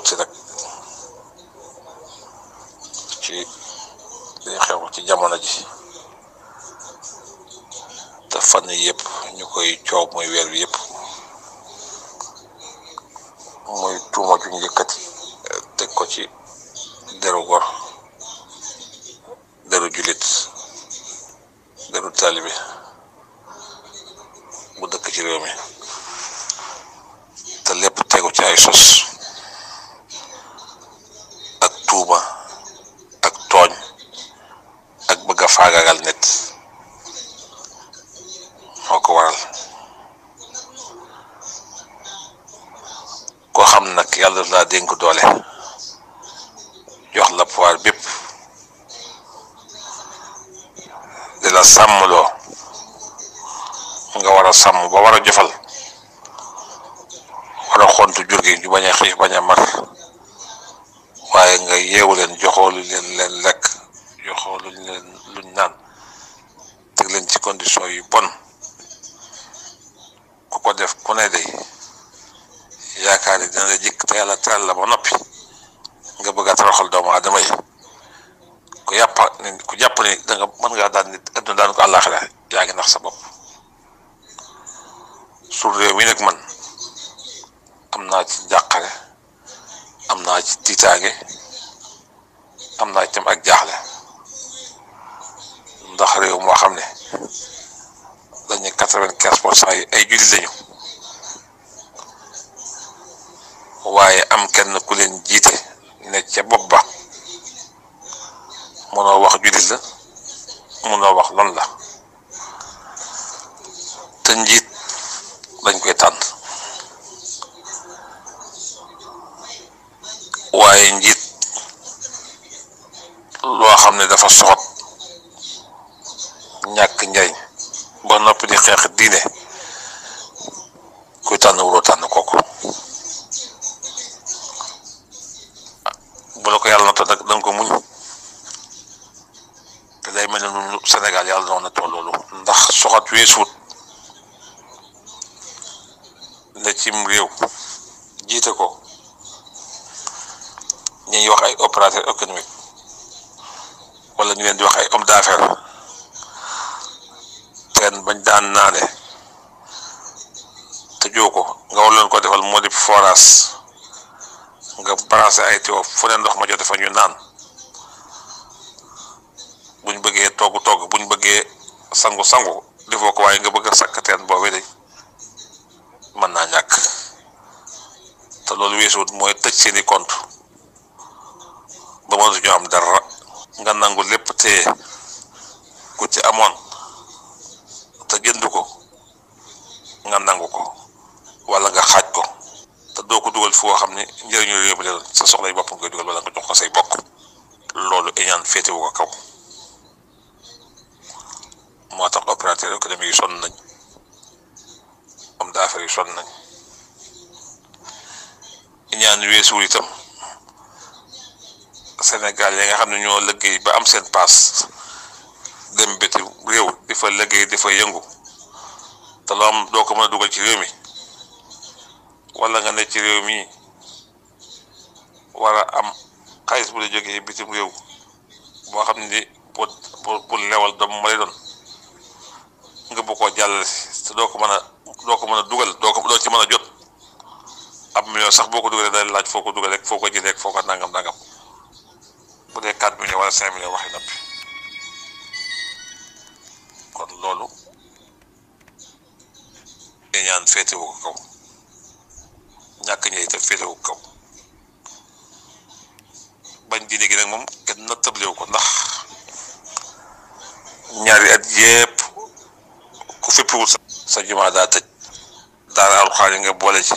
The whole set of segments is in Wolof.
tuut si rek ci day xew ci jamono ji te fan yëpp ñu koy coow muy weer bi yëpp muy tuuma ju njëkkati teg ko ci deru gor deru julit deru taalibe bu dëkk ci réew mi te lépp tegu ci ay sos moo ko waral koo xam nag yàlla daf laa dénk doole jox la pouvoir bépp di la sàmmloo nga war a sàmm ba war a jofal war a xontu jur gi ñu bañ a xiif bañ a mar waaye nga yeewu leen joxoo leen leen lekk joxoo leen luñ naan teg leen ci condition yu ku ko def ku ne day yaakaar yi dina la jëkk te yàlla teral la ba noppi nga bëgg a toroxal doomu aadama yi ko yàpp ku jàpp ne da nga mën nit sa bopp su réew nag man am naa ci jàqare am naa ci tiitaange am naa ci tam ak jaaxle ndax réew moo xam ne dañuy quatre-vingt-quinze pour cent yi ay jullit lañu waaye am kenn ku leen jiite ne ca bopp ba mënoo wax jullit la mënoo wax lan la te njiit dañ koy tànn waaye njiit loo xam ne dafa soxot ñàkk njariñ ba noppi di xeex diine kuy tànn wuroo tànn kooku bu la ko yàlla nattoo nag da nga ko muñ te lay mel ne ñun Sénégal yàlla doon na toll loolu ndax soxat weesuut ne cim réew jiite ko ñuy wax ay opérateur économique wala ñu leen di wax ay homme teen bañ daan naane tëjoo ko nga war leen ko defal moo di forage nga branché ay tuyau fo ne ndox ma jote fa ñu naan buñ bëggee togg togg buñ bëggee sangu sangu defoo ko waaye nga bëgg a sakk teen boobee de mën naa ñàkk te loolu weesuwut mooy tëj seeni compte ba mënatu ñu am dara nga nangu lépp téye ku ci amoon nga nangu ko walla nga xaaj ko te doo ko dugal foo xam ne njëriñu réew mi sa soxlay bopp nga koy dugal wala nga jox ko say bokk loolu iñaan féetewu ko kaw moo tax opérateur économique yi sonn nañ homme d'affaires yi sonn nañ iñaan weesuul itam Sénégal yi nga xam ne ñoo liggéey ba am seen paas dem bitim réew di fa liggéey di fa yëngu te doo ko mën a dugal ci réew mi walla nga ne ci réew mi war am xaalis bu la jógee bitim réew boo xam ne pour pour lewal doomu ma lay doon nga bu koo jàllale si te doo ko mën a doo ko mën a dugal doo ko doo ci mën a jot am million sax boo ko dugalee day laaj foo ko dugal rek foo ko jëlee rek foo ko nangam nangam bu dee 4 millions wala 5 millions waxi noppi jëw ndax ñaari at yépp ku fippiwul sa jumaa daa tëj daara alxaani nga boole ci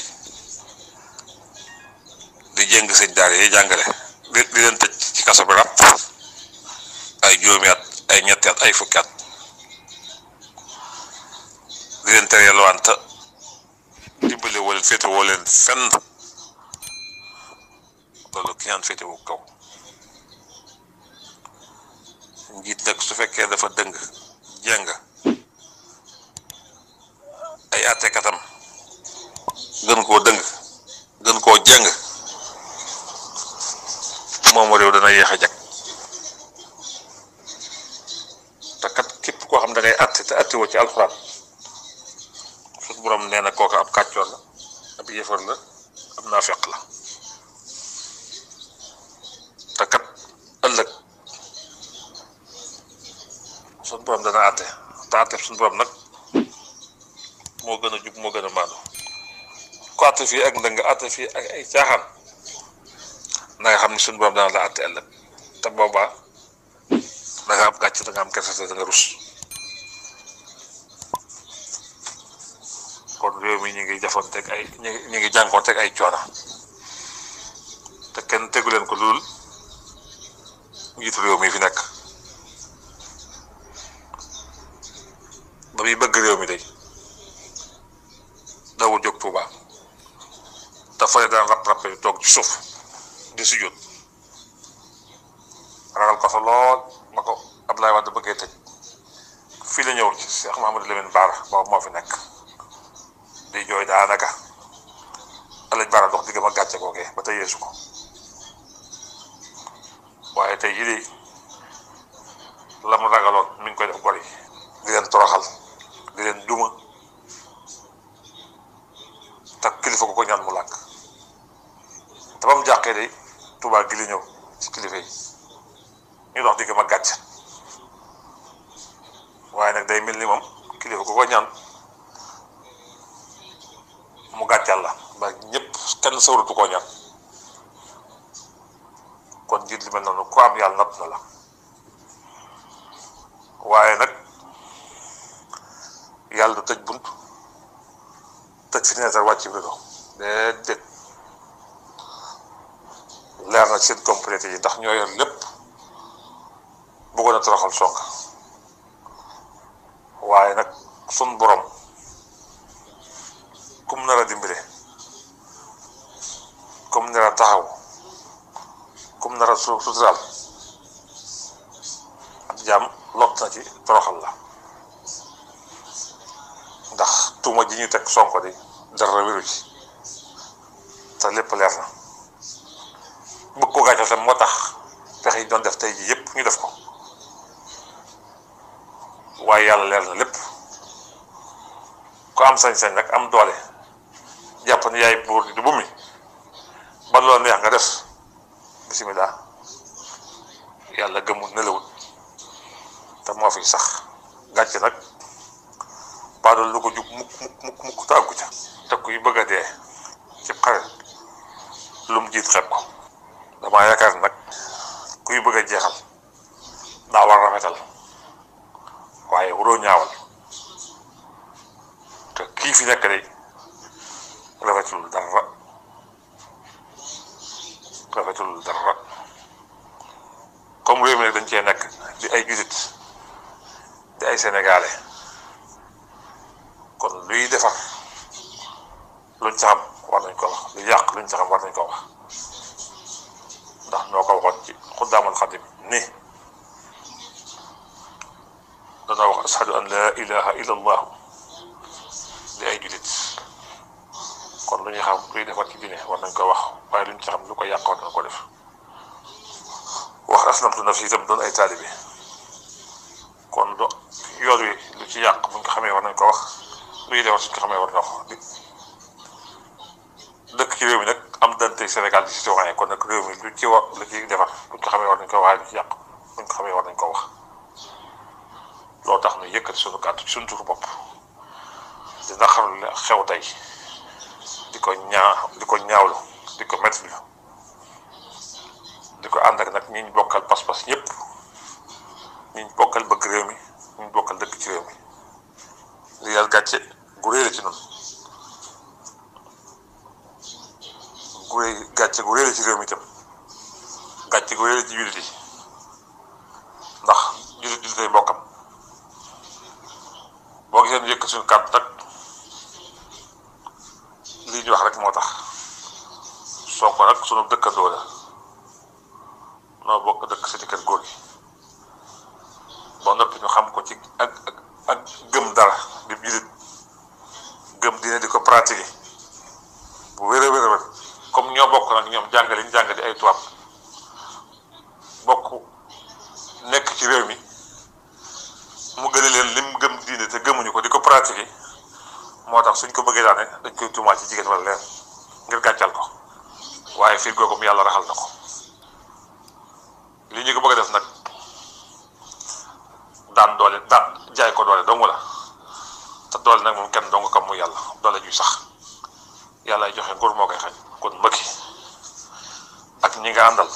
di jëng sëñ daara yi jàngale di di leen tëj ci kaso bi ay juróomi at ay ñetti at ay fukki at di leen tere yalwaante dimbale woo leen féete woo leen fenn ki ñaan féete wu kaw njiit nag su fekkee dafa dëng jeng ay àttekatam gën koo dëng gën koo jëng moom réew dana yéex a jag te kat képp koo xam da ngay àtte te àttewoo ci alxuraan suñu borom nee na kooka ab kàccoor la ab yéefar la ab naafeq la borom dana àtte te àtte suñu gën a jub moo gën a maandu ku fii ak ndëng àtte fii ak ay caaxaan na xam ni suñu borom te boobaa da nga am gàcc da nga am kersa te da nga rus kon réew mi ñu ngi jafoonteeg ay ñu ngi ñu ngi ay coono te kenn tegu leen ko lool njiitu réew mi fi nekk. bi bëgg réew mi day dawul jóg Touba dafa ne daan rap rappé toog ci suuf di si jot ragal ko fa lool ma ko Abdoulaye Wade bëggee tëj fii la ñëw ci Cheikh Mahamadou Lamine Bara boobu moo fi nekk di jooy daanaka alañ Bara dox diggam ak gàcce googee ba tey yeesu ko waaye tey jii de lam ragaloon mi koy def gor di leen toroxal di leen duma te kilifa ko ko ñaan mu làkk te ba mu jàqee day gi li ñëw ci kilifa yi ñu dox digg ma gàcc waaye nag day mel ni moom kilifa ko ko ñaan mu gàccal la ba ñëpp kenn sawratu koo ñaan kon jiit li mel noonu ku am yàlla natt na la waaye nag yàlla du tëj bunt tëj fenêtre wàcc bi dox mais dégg leer na seen complété yi ndax ñoo yor lépp bëggoon a toroxal Sonko waaye nag sun borom kum nar a dimbale kum nar taxaw kum nara a su daal ab jaam lott na ci toroxal la tuuma ji ñu teg sonko di dara wéru ci te lépp leer na bëgg ko gàccal tam moo tax pexe yi doon def tey jii yëpp ñu def ko waaye yàlla leer na lépp ku am sañ-sañ nag am doole jàpp ne yaay buur di bu mi ba loolu neex nga def bisimilah yàlla gëmul nelawul te moo fi sax gàcc nag baa doon lu ko jub mukk mukk mukk tàggu ca kuy bëgg a dee ci xare lu jiit xeeb ko damaa yaakaar nag kuy bëgg a jeexal daa war rafetal waaye waroo ñaawal te kii fi nekk day rafetul dara rafetul dara comme réew nag dañ cee nekk di ay julit di ay sénégalais defar luñ ca xam war ko wax lu yàq luñ ca xam war nañ ko wax ndax noo ko waxoon ci xuddaamal xadim ni danaa wax ashadu an laa ilaha illa li ay julit kon lu ñuy xam luy defar ci diine war nañ ko wax waaye luñ ca lu ko yàq war nañ ko def wax aslamtu nafsi itam doon ay taalibi kon do yoon wi lu ci yàq buñ ko xamee war nañ ko wax luy defar suñ ko xamee war na ko dëkk ci réew mi nag am dante Sénégal di citoyen kon nag réew mi lu ci wax lu ci defar buñ ko xamee war nañ ko waxee lu ci yàq buñ ko xamee war nañ ko wax loo tax ñu yëkkati suñu kàddu ci suñu turu bopp di naqarlu xew tey di ko ñaa di ko ñaawlu di ko métti ko ànd ak nag ñi ñu bokkal pas-pas ñëpp ñi ñu bokkal bëgg réew mi ñu bokkal dëkk ci réew mi gu réer ci noonu guy gàcce gu réer ci réew mi itam gàcce gu réer ci jullit ndax jullit jullit ay mbokkam boo gisee ñu yëkk suñu kàddu nag lii ñu wax rek moo tax Sonko nag sunu dëkkandoo la noo bokk dëkk si kër góor gi ba noppi ñu xam ko ci ak ak ak gëm dara pratiqué bu wér a wér a comme ñoo bokk nag ñoom jàngale ñu jàngale ay tubaab bokk nekk ci réew mi mu gën a leen lim gëm diine te gëmuñu ko di ko pratiqué moo tax suñ ko bëggee daane dañ koy tuumaal ci jigéen wala leen ngir gàccal ko waaye fiir googu mu yàlla raxal na ko li ñu ko bëgg def nag daan doole daan jaay ko doole doomu la te doole nag moom kenn jaamu yàlla doole ñuy sax yàlla joxe nguur moo koy xañ kon mbëkki ak ñi nga àndal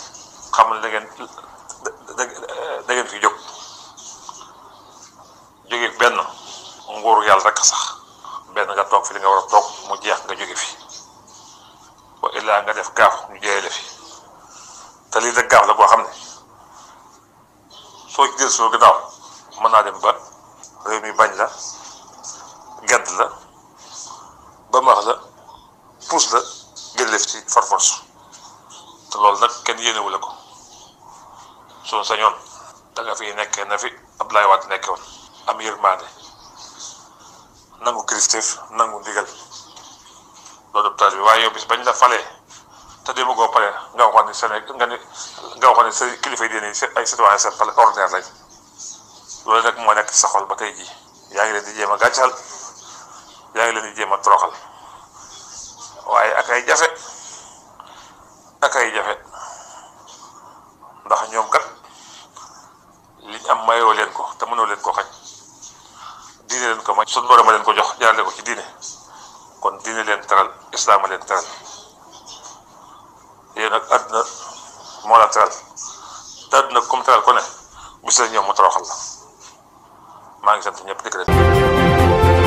xam ne fi jóg jóge benn nguur yàlla rek sax benn nga toog fi li nga war a toog mu jeex nga jóge fi wa illaa nga def gaaf ñu jëlee la fi te lii gaaf la boo xam ne soo ci soo gannaaw mën naa dem ba réew mi bañ la gedd la ba max la puus la ngeen def ci te loolu nag kenn yéenewu la ko soo sañoon da nga fi nekkee na fi Abdoulaye Wade nekkoon am yërmaande nangu kilifteef nangu ndigal loolu taal bi waaye yow bis bañ la falee te dee bëggoo pare nga waxoon ne Séné nga ne nga waxoon seen kilifa yi di ne ay citoyen seen pale ordinaire lañ loolu nag moo nekk sa xol ba tey jii yaa ngi leen di jéem a gàccal yaa ngi leen di jéem a toroxal waaye ak jafe ak ay jafe ndax ñoom kat liñ am mayoo leen ko te mënoo leen ko xañ diine leen ko may suñ borom a leen ko jox jaarale ko ci diine kon diine leen teral islaama leen teral yéen nag àdduna moo la teral te àdduna comme teral ko ne bis la ñëw mu toroxal maa ngi sant ñëpp dëkk